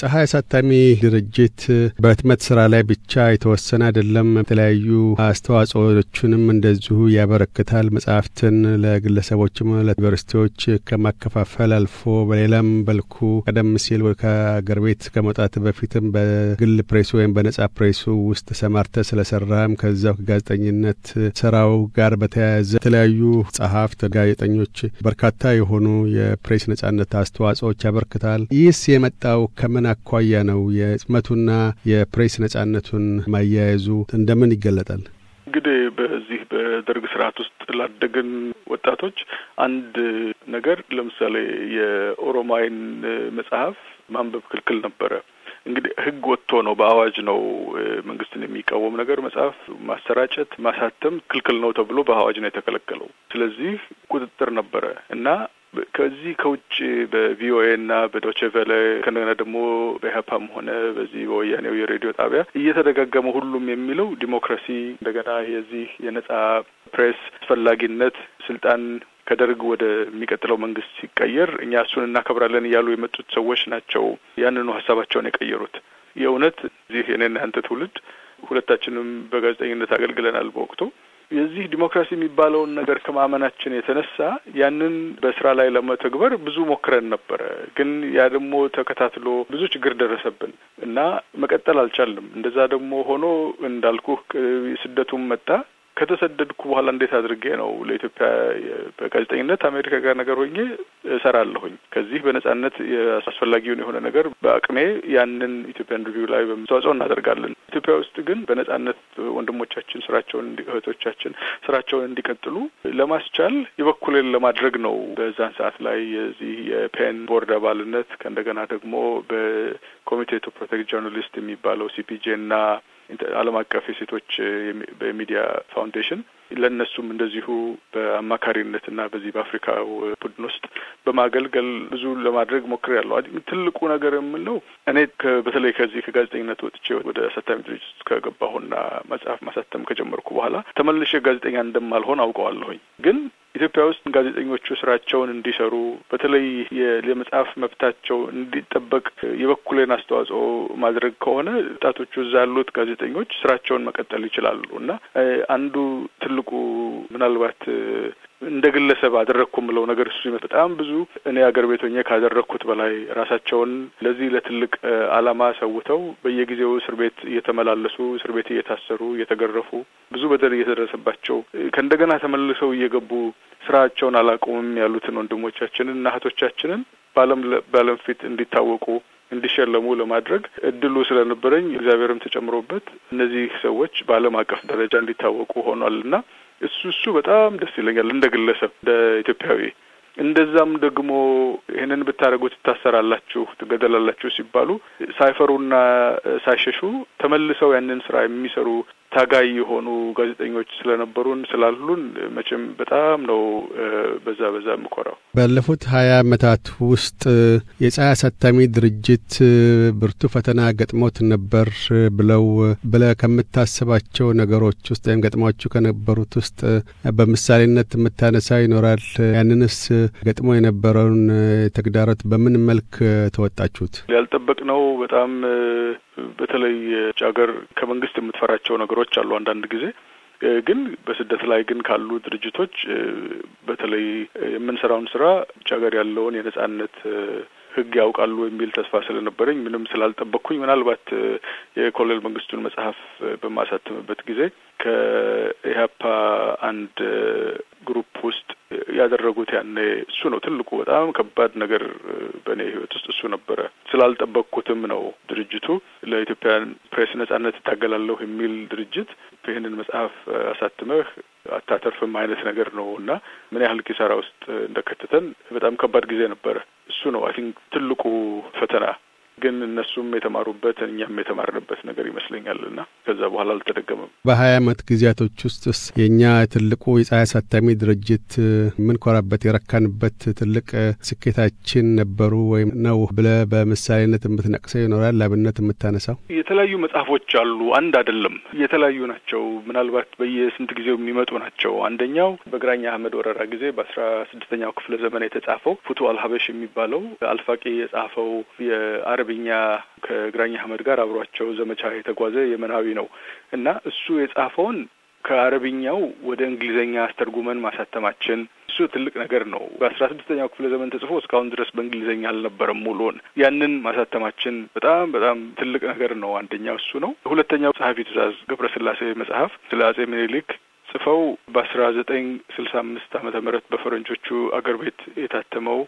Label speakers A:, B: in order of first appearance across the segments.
A: ፀሐይ አሳታሚ ድርጅት በህትመት ስራ ላይ ብቻ የተወሰነ አይደለም። የተለያዩ አስተዋጽኦዎችንም እንደዚሁ ያበረክታል። መጽሐፍትን ለግለሰቦችም ለዩኒቨርሲቲዎች ከማከፋፈል አልፎ በሌላም በልኩ ቀደም ሲል ከአገር ቤት ከመውጣት በፊትም በግል ፕሬሱ ወይም በነጻ ፕሬሱ ውስጥ ተሰማርተ ስለሰራም ከዛው ከጋዜጠኝነት ስራው ጋር በተያያዘ የተለያዩ ጸሐፍት፣ ጋዜጠኞች በርካታ የሆኑ የፕሬስ ነጻነት አስተዋጽኦዎች ያበረክታል። ይህስ የመጣው ከምን ከምን አኳያ ነው የህትመቱና የፕሬስ ነጻነቱን ማያያዙ እንደምን ይገለጣል?
B: እንግዲህ በዚህ በደርግ ስርዓት ውስጥ ላደግን ወጣቶች አንድ ነገር ለምሳሌ የኦሮማይን መጽሐፍ ማንበብ ክልክል ነበረ። እንግዲህ ህግ ወጥቶ ነው፣ በአዋጅ ነው መንግስትን የሚቃወም ነገር መጽሐፍ ማሰራጨት፣ ማሳተም ክልክል ነው ተብሎ በአዋጅ ነው የተከለከለው። ስለዚህ ቁጥጥር ነበረ እና ከዚህ ከውጭ በቪኦኤ እና በዶችቨለ ከነገና ደግሞ በኢህአፓም ሆነ በዚህ በወያኔው የሬዲዮ ጣቢያ እየተደጋገመ ሁሉም የሚለው ዲሞክራሲ እንደገና የዚህ የነጻ ፕሬስ አስፈላጊነት ስልጣን ከደርግ ወደሚቀጥለው መንግስት ሲቀየር እኛ እሱን እናከብራለን እያሉ የመጡት ሰዎች ናቸው ያንኑ ሀሳባቸውን የቀየሩት። የእውነት እዚህ የኔና አንተ ትውልድ ሁለታችንም በጋዜጠኝነት አገልግለናል በወቅቱ የዚህ ዲሞክራሲ የሚባለውን ነገር ከማመናችን የተነሳ ያንን በስራ ላይ ለመተግበር ብዙ ሞክረን ነበረ። ግን ያ ደግሞ ተከታትሎ ብዙ ችግር ደረሰብን እና መቀጠል አልቻልም። እንደዛ ደግሞ ሆኖ እንዳልኩህ ስደቱም መጣ። ከተሰደድኩ በኋላ እንዴት አድርጌ ነው ለኢትዮጵያ በጋዜጠኝነት አሜሪካ ጋር ነገር ሆኜ እሰራለሁኝ ከዚህ በነጻነት አስፈላጊውን የሆነ ነገር በአቅሜ ያንን ኢትዮጵያን ሪቪው ላይ በምተዋጽኦ እናደርጋለን። ኢትዮጵያ ውስጥ ግን በነጻነት ወንድሞቻችን ስራቸውን፣ እህቶቻችን ስራቸውን እንዲቀጥሉ ለማስቻል የበኩሌን ለማድረግ ነው። በዛን ሰዓት ላይ የዚህ የፔን ቦርድ አባልነት ከእንደገና ደግሞ በኮሚቴ ቱ ፕሮቴክት ጆርናሊስት የሚባለው ሲፒጄ እና ዓለም አቀፍ የሴቶች በሚዲያ ፋውንዴሽን ለእነሱም እንደዚሁ በአማካሪነትና በዚህ በአፍሪካው ቡድን ውስጥ በማገልገል ብዙ ለማድረግ ሞክሬያለሁ። ትልቁ ነገር የምለው እኔ በተለይ ከዚህ ከጋዜጠኝነት ወጥቼ ወደ አሳታሚ ድርጅት ውስጥ ከገባሁና መጽሐፍ ማሳተም ከጀመርኩ በኋላ ተመልሼ ጋዜጠኛ እንደማልሆን አውቀዋለሁኝ ግን ኢትዮጵያ ውስጥ ጋዜጠኞቹ ስራቸውን እንዲሰሩ በተለይ የመጽሐፍ መብታቸው እንዲጠበቅ የበኩሌን አስተዋጽኦ ማድረግ ከሆነ ወጣቶቹ እዛ ያሉት ጋዜጠኞች ስራቸውን መቀጠል ይችላሉ እና አንዱ ትልቁ ምናልባት እንደ ግለሰብ አደረግኩ የምለው ነገር እሱ በጣም ብዙ እኔ አገር ቤት ሆኜ ካደረግኩት በላይ ራሳቸውን ለዚህ ለትልቅ ዓላማ ሰውተው በየጊዜው እስር ቤት እየተመላለሱ እስር ቤት እየታሰሩ እየተገረፉ ብዙ በደል እየተደረሰባቸው ከእንደገና ተመልሰው እየገቡ ስራቸውን አላቆምም ያሉትን ወንድሞቻችንን እና እህቶቻችንን በዓለም በዓለም ፊት እንዲታወቁ እንዲሸለሙ ለማድረግ እድሉ ስለነበረኝ እግዚአብሔርም ተጨምሮበት እነዚህ ሰዎች በዓለም አቀፍ ደረጃ እንዲታወቁ ሆኗል እና እሱ እሱ በጣም ደስ ይለኛል፣ እንደ ግለሰብ እንደ ኢትዮጵያዊ። እንደዛም ደግሞ ይህንን ብታደርጉ ትታሰራላችሁ፣ ትገደላላችሁ ሲባሉ ሳይፈሩና ሳይሸሹ ተመልሰው ያንን ስራ የሚሰሩ ታጋይ የሆኑ ጋዜጠኞች ስለነበሩን ስላሉን መቼም በጣም ነው በዛ በዛ የምኮራው።
A: ባለፉት ሀያ አመታት ውስጥ የፀሐይ አሳታሚ ድርጅት ብርቱ ፈተና ገጥሞት ነበር ብለው ብለ ከምታስባቸው ነገሮች ውስጥ ወይም ገጥሟችሁ ከነበሩት ውስጥ በምሳሌነት የምታነሳው ይኖራል? ያንንስ ገጥሞ የነበረውን ተግዳሮት በምን መልክ ተወጣችሁት?
B: ነው በጣም በተለይ ሀገር ከመንግስት የምትፈራቸው ነገሮች አሉ አንዳንድ ጊዜ ግን በስደት ላይ ግን ካሉ ድርጅቶች በተለይ የምንሰራውን ስራ ውጭ ሀገር ያለውን የነጻነት ህግ ያውቃሉ የሚል ተስፋ ስለነበረኝ ምንም ስላልጠበቅኩኝ ምናልባት የኮሎኔል መንግስቱን መጽሐፍ በማሳተምበት ጊዜ ከኢህአፓ አንድ ግሩፕ ውስጥ ያደረጉት ያኔ እሱ ነው ትልቁ በጣም ከባድ ነገር በእኔ ህይወት ውስጥ እሱ ነበረ። ስላልጠበቅኩትም ነው ድርጅቱ ለኢትዮጵያን ፕሬስ ነጻነት እታገላለሁ የሚል ድርጅት ይህንን መጽሐፍ አሳትመህ አታተርፍም አይነት ነገር ነው እና ምን ያህል ኪሳራ ውስጥ እንደከተተን በጣም ከባድ ጊዜ ነበረ። እሱ ነው አይ ቲንክ ትልቁ ፈተና ግን እነሱም የተማሩበት እኛም የተማርንበት ነገር ይመስለኛል ና ከዛ በኋላ አልተደገመም።
A: በሀያ አመት ጊዜያቶች ውስጥ የእኛ ትልቁ የፀሐይ አሳታሚ ድርጅት የምንኮራበት የረካንበት ትልቅ ስኬታችን ነበሩ ወይም ነው ብለ በምሳሌነት የምትነቅሰው ይኖራል? ላብነት የምታነሳው
B: የተለያዩ መጽሐፎች አሉ። አንድ አይደለም፣ የተለያዩ ናቸው። ምናልባት በየስንት ጊዜው የሚመጡ ናቸው። አንደኛው በግራኝ አህመድ ወረራ ጊዜ በአስራ ስድስተኛው ክፍለ ዘመን የተጻፈው ፉቱ አልሀበሽ የሚባለው አልፋቂ የጻፈው የአረብ አረብኛ ከግራኝ አህመድ ጋር አብሯቸው ዘመቻ የተጓዘ የመናዊ ነው እና እሱ የጻፈውን ከአረብኛው ወደ እንግሊዝኛ አስተርጉመን ማሳተማችን እሱ ትልቅ ነገር ነው። በአስራ ስድስተኛው ክፍለ ዘመን ተጽፎ እስካሁን ድረስ በእንግሊዝኛ አልነበረም ሙሉን። ያንን ማሳተማችን በጣም በጣም ትልቅ ነገር ነው። አንደኛው እሱ ነው። ሁለተኛው ጸሐፊ ትእዛዝ ገብረስላሴ መጽሐፍ ስለ አጼ ምኒልክ ጽፈው በአስራ ዘጠኝ ስልሳ አምስት አመተ ምህረት በፈረንጆቹ አገር ቤት የታተመው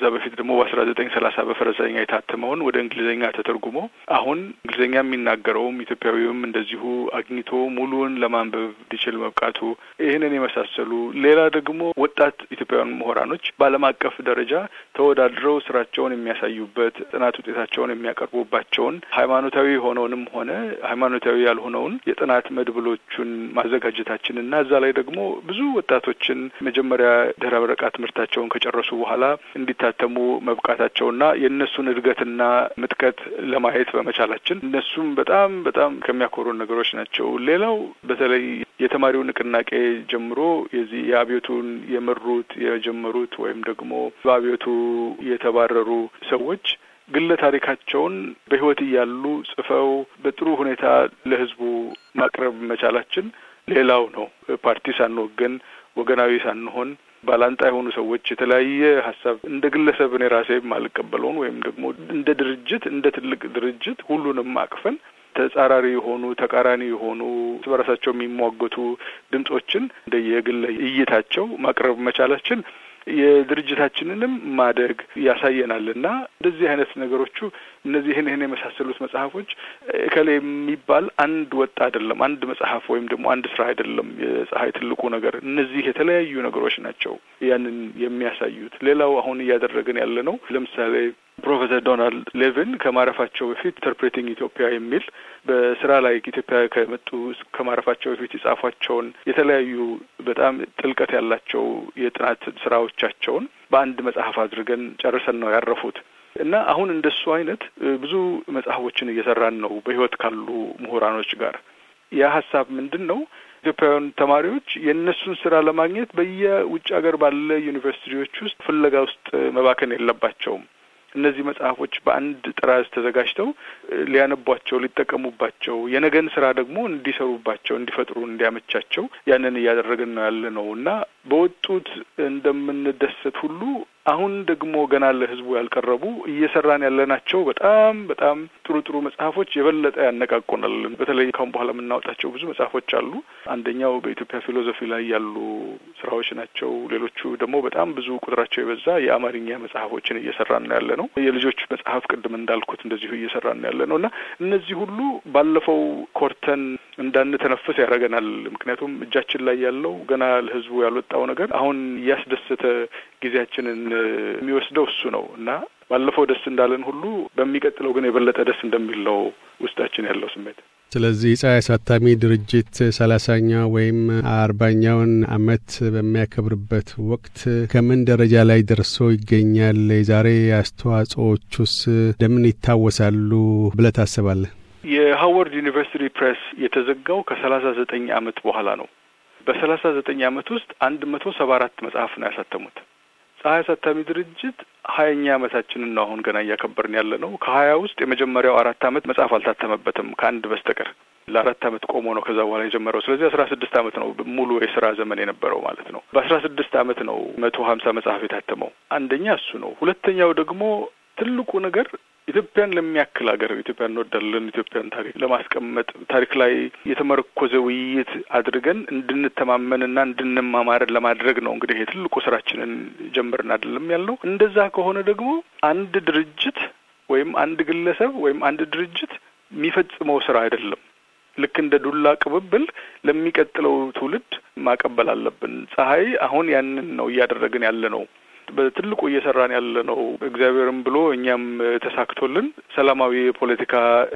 B: ከዛ በፊት ደግሞ በአስራ ዘጠኝ ሰላሳ በፈረንሳይኛ የታተመውን ወደ እንግሊዝኛ ተተርጉሞ አሁን እንግሊዝኛ የሚናገረውም ኢትዮጵያዊውም እንደዚሁ አግኝቶ ሙሉውን ለማንበብ እንዲችል መብቃቱ ይህንን የመሳሰሉ ሌላ ደግሞ ወጣት ኢትዮጵያውያን ምሁራኖች በዓለም አቀፍ ደረጃ ተወዳድረው ስራቸውን የሚያሳዩበት ጥናት ውጤታቸውን የሚያቀርቡባቸውን ሃይማኖታዊ የሆነውንም ሆነ ሃይማኖታዊ ያልሆነውን የጥናት መድብሎቹን ማዘጋጀታችን እና እዛ ላይ ደግሞ ብዙ ወጣቶችን መጀመሪያ ድህረ ምረቃ ትምህርታቸውን ከጨረሱ በኋላ እንዲታ እንዲታተሙ መብቃታቸውና የእነሱን እድገትና ምጥቀት ለማየት በመቻላችን እነሱም በጣም በጣም ከሚያኮሩን ነገሮች ናቸው። ሌላው በተለይ የተማሪው ንቅናቄ ጀምሮ የዚህ የአብዮቱን የመሩት የጀመሩት ወይም ደግሞ በአብዮቱ የተባረሩ ሰዎች ግለ ታሪካቸውን በሕይወት እያሉ ጽፈው በጥሩ ሁኔታ ለሕዝቡ ማቅረብ መቻላችን ሌላው ነው። ፓርቲ ሳንወገን ወገናዊ ሳንሆን ባላንጣ የሆኑ ሰዎች የተለያየ ሀሳብ እንደ ግለሰብ እኔ ራሴ የማልቀበለውን ወይም ደግሞ እንደ ድርጅት እንደ ትልቅ ድርጅት ሁሉንም አቅፈን ተጻራሪ የሆኑ ተቃራኒ የሆኑ በራሳቸው የሚሟገቱ ድምጾችን እንደየግል እይታቸው ማቅረብ መቻላችን የድርጅታችንንም ማደግ ያሳየናል እና እንደዚህ አይነት ነገሮቹ እነዚህ ይህን ይህን የመሳሰሉት መጽሐፎች እከሌ የሚባል አንድ ወጥ አይደለም፣ አንድ መጽሐፍ ወይም ደግሞ አንድ ስራ አይደለም። የፀሐይ ትልቁ ነገር እነዚህ የተለያዩ ነገሮች ናቸው ያንን የሚያሳዩት። ሌላው አሁን እያደረግን ያለ ነው ለምሳሌ ፕሮፌሰር ዶናልድ ሌቪን ከማረፋቸው በፊት ኢንተርፕሬቲንግ ኢትዮጵያ የሚል በስራ ላይ ኢትዮጵያ ከመጡ ከማረፋቸው በፊት የጻፏቸውን የተለያዩ በጣም ጥልቀት ያላቸው የጥናት ስራዎች ሀሳቦቻቸውን በአንድ መጽሐፍ አድርገን ጨርሰን ነው ያረፉት እና አሁን እንደሱ አይነት ብዙ መጽሐፎችን እየሰራን ነው በህይወት ካሉ ምሁራኖች ጋር። ያ ሀሳብ ምንድን ነው? ኢትዮጵያውያን ተማሪዎች የእነሱን ስራ ለማግኘት በየውጭ ሀገር ባለ ዩኒቨርሲቲዎች ውስጥ ፍለጋ ውስጥ መባከን የለባቸውም። እነዚህ መጽሐፎች በአንድ ጥራዝ ተዘጋጅተው ሊያነቧቸው፣ ሊጠቀሙባቸው የነገን ስራ ደግሞ እንዲሰሩባቸው፣ እንዲፈጥሩ እንዲያመቻቸው ያንን እያደረግን ነው ያለ ነው እና በወጡት እንደምንደሰት ሁሉ አሁን ደግሞ ገና ለህዝቡ ያልቀረቡ እየሰራን ያለናቸው በጣም በጣም ጥሩ ጥሩ መጽሐፎች የበለጠ ያነቃቁናል። በተለይ ካሁን በኋላ የምናወጣቸው ብዙ መጽሐፎች አሉ። አንደኛው በኢትዮጵያ ፊሎዞፊ ላይ ያሉ ስራዎች ናቸው። ሌሎቹ ደግሞ በጣም ብዙ ቁጥራቸው የበዛ የአማርኛ መጽሐፎችን እየሰራ ነው ያለ ነው። የልጆች መጽሐፍ ቅድም እንዳልኩት እንደዚሁ እየሰራ ነው ያለ ነው እና እነዚህ ሁሉ ባለፈው ኮርተን እንዳንተነፍስ ያደርገናል። ምክንያቱም እጃችን ላይ ያለው ገና ለህዝቡ ያልወጣው ነገር አሁን እያስደሰተ ጊዜያችንን የሚወስደው እሱ ነው እና ባለፈው ደስ እንዳለን ሁሉ በሚቀጥለው ግን የበለጠ ደስ እንደሚለው ውስጣችን
A: ያለው ስሜት ስለዚህ ፀሐይ አሳታሚ ድርጅት ሰላሳኛው ወይም አርባኛውን አመት በሚያከብርበት ወቅት ከምን ደረጃ ላይ ደርሶ ይገኛል? የዛሬ አስተዋጽኦቹስ እንደምን ይታወሳሉ ብለህ ታስባለህ?
B: የሃዋርድ ዩኒቨርሲቲ ፕሬስ የተዘጋው ከሰላሳ ዘጠኝ አመት በኋላ ነው። በሰላሳ ዘጠኝ ዓመት ውስጥ አንድ መቶ ሰባ አራት መጽሐፍ ነው ያሳተሙት። ፀሐይ አሳታሚ ድርጅት ሀያኛ አመታችንን ነው አሁን ገና እያከበርን ያለ ነው። ከሀያ ውስጥ የመጀመሪያው አራት ዓመት መጽሐፍ አልታተመበትም ከአንድ በስተቀር ለአራት ዓመት ቆሞ ነው ከዛ በኋላ የጀመረው። ስለዚህ አስራ ስድስት አመት ነው ሙሉ የስራ ዘመን የነበረው ማለት ነው። በአስራ ስድስት ዓመት ነው መቶ ሀምሳ መጽሐፍ የታተመው። አንደኛ እሱ ነው። ሁለተኛው ደግሞ ትልቁ ነገር ኢትዮጵያን ለሚያክል ሀገር ኢትዮጵያ እንወዳለን፣ ኢትዮጵያን ታሪክ ለማስቀመጥ ታሪክ ላይ የተመረኮዘ ውይይት አድርገን እንድንተማመንና እንድንማማርን ለማድረግ ነው። እንግዲህ የትልቁ ትልቁ ስራችንን ጀምርን አይደለም ያልነው። እንደዛ ከሆነ ደግሞ አንድ ድርጅት ወይም አንድ ግለሰብ ወይም አንድ ድርጅት የሚፈጽመው ስራ አይደለም። ልክ እንደ ዱላ ቅብብል ለሚቀጥለው ትውልድ ማቀበል አለብን። ፀሐይ አሁን ያንን ነው እያደረግን ያለ ነው። በትልቁ እየሰራን ያለ ነው። እግዚአብሔርም ብሎ እኛም ተሳክቶልን ሰላማዊ የፖለቲካ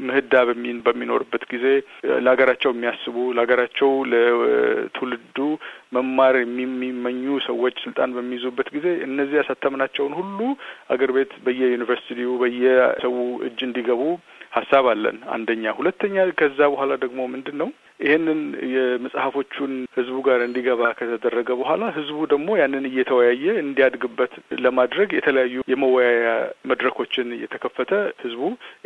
B: ምህዳ በሚኖርበት ጊዜ ለሀገራቸው የሚያስቡ ለሀገራቸው ለትውልዱ መማር የሚመኙ ሰዎች ስልጣን በሚይዙበት ጊዜ እነዚህ ያሳተምናቸውን ሁሉ አገር ቤት በየዩኒቨርሲቲው በየሰው እጅ እንዲገቡ ሀሳብ አለን። አንደኛ ሁለተኛ፣ ከዛ በኋላ ደግሞ ምንድን ነው ይህንን የመጽሐፎቹን ህዝቡ ጋር እንዲገባ ከተደረገ በኋላ ህዝቡ ደግሞ ያንን እየተወያየ እንዲያድግበት ለማድረግ የተለያዩ የመወያያ መድረኮችን እየተከፈተ ህዝቡ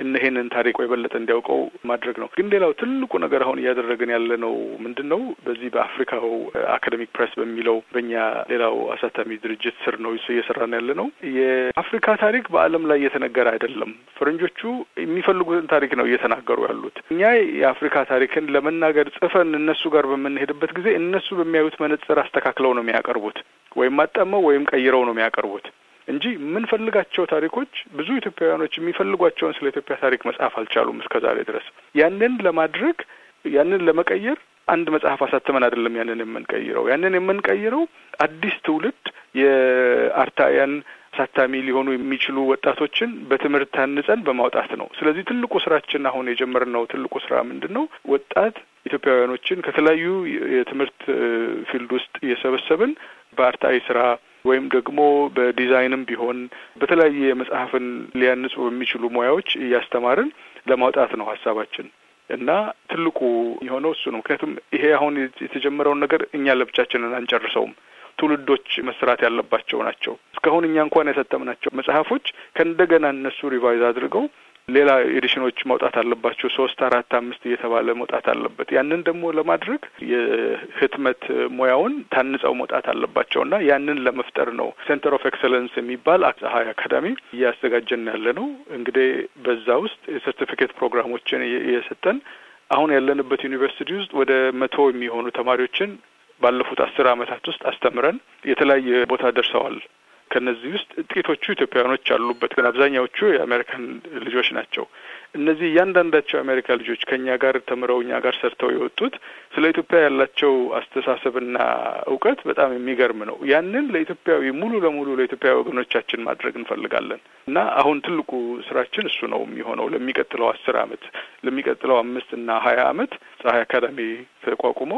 B: እነሄንን ታሪኩ የበለጠ እንዲያውቀው ማድረግ ነው። ግን ሌላው ትልቁ ነገር አሁን እያደረግን ያለ ነው ምንድን ነው በዚህ በአፍሪካው አካደሚክ ፕሬስ በሚለው በእኛ ሌላው አሳታሚ ድርጅት ስር ነው እየሰራን ያለ ነው። የአፍሪካ ታሪክ በዓለም ላይ እየተነገረ አይደለም። ፈረንጆቹ የሚፈልጉት ታሪክ ነው እየተናገሩ ያሉት። እኛ የአፍሪካ ታሪክን ለመናገር ጽፈን እነሱ ጋር በምንሄድበት ጊዜ እነሱ በሚያዩት መነጽር አስተካክለው ነው የሚያቀርቡት፣ ወይም አጣመው ወይም ቀይረው ነው የሚያቀርቡት እንጂ የምንፈልጋቸው ታሪኮች ብዙ ኢትዮጵያውያኖች የሚፈልጓቸውን ስለ ኢትዮጵያ ታሪክ መጽሐፍ አልቻሉም እስከ ዛሬ ድረስ። ያንን ለማድረግ ያንን ለመቀየር አንድ መጽሐፍ አሳትመን አይደለም ያንን የምንቀይረው። ያንን የምንቀይረው አዲስ ትውልድ የአርታያን ታታሚ ሊሆኑ የሚችሉ ወጣቶችን በትምህርት ታንጸን በማውጣት ነው። ስለዚህ ትልቁ ስራችን አሁን የጀመርነው ትልቁ ስራ ምንድን ነው? ወጣት ኢትዮጵያውያኖችን ከተለያዩ የትምህርት ፊልድ ውስጥ እየሰበሰብን በአርታዊ ስራ ወይም ደግሞ በዲዛይንም ቢሆን በተለያየ መጽሐፍን ሊያንጹ በሚችሉ ሙያዎች እያስተማርን ለማውጣት ነው ሀሳባችን እና ትልቁ የሆነው እሱ ነው። ምክንያቱም ይሄ አሁን የተጀመረውን ነገር እኛ ለብቻችንን አንጨርሰውም። ትውልዶች መስራት ያለባቸው ናቸው። እስካሁን እኛ እንኳን የሰጠምናቸው መጽሐፎች ከእንደገና እነሱ ሪቫይዝ አድርገው ሌላ ኤዲሽኖች መውጣት አለባቸው። ሶስት አራት አምስት እየተባለ መውጣት አለበት። ያንን ደግሞ ለማድረግ የህትመት ሙያውን ታንጸው መውጣት አለባቸው እና ያንን ለመፍጠር ነው ሴንተር ኦፍ ኤክሰለንስ የሚባል ፀሐይ አካዳሚ እያዘጋጀን ያለ ነው። እንግዲህ በዛ ውስጥ የሰርቲፊኬት ፕሮግራሞችን እየሰጠን አሁን ያለንበት ዩኒቨርሲቲ ውስጥ ወደ መቶ የሚሆኑ ተማሪዎችን ባለፉት አስር ዓመታት ውስጥ አስተምረን የተለያየ ቦታ ደርሰዋል። ከነዚህ ውስጥ ጥቂቶቹ ኢትዮጵያውያኖች አሉበት፣ ግን አብዛኛዎቹ የአሜሪካን ልጆች ናቸው። እነዚህ እያንዳንዳቸው የአሜሪካ ልጆች ከእኛ ጋር ተምረው እኛ ጋር ሰርተው የወጡት ስለ ኢትዮጵያ ያላቸው አስተሳሰብና እውቀት በጣም የሚገርም ነው። ያንን ለኢትዮጵያዊ ሙሉ ለሙሉ ለኢትዮጵያ ወገኖቻችን ማድረግ እንፈልጋለን እና አሁን ትልቁ ስራችን እሱ ነው የሚሆነው። ለሚቀጥለው አስር አመት ለሚቀጥለው አምስት እና ሀያ አመት ፀሐይ አካዳሚ ተቋቁሞ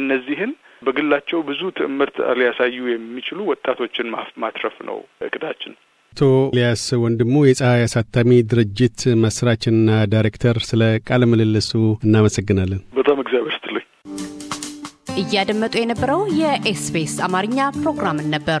B: እነዚህን በግላቸው ብዙ ትምህርት ሊያሳዩ የሚችሉ ወጣቶችን ማትረፍ ነው እቅዳችን።
A: አቶ ኤልያስ ወንድሙ የፀሐይ አሳታሚ ድርጅት መስራችና ዳይሬክተር፣ ስለ ቃለ ምልልሱ እናመሰግናለን።
B: በጣም እግዚአብሔር ስትልኝ። እያደመጡ የነበረው የኤስቢኤስ አማርኛ ፕሮግራምን ነበር።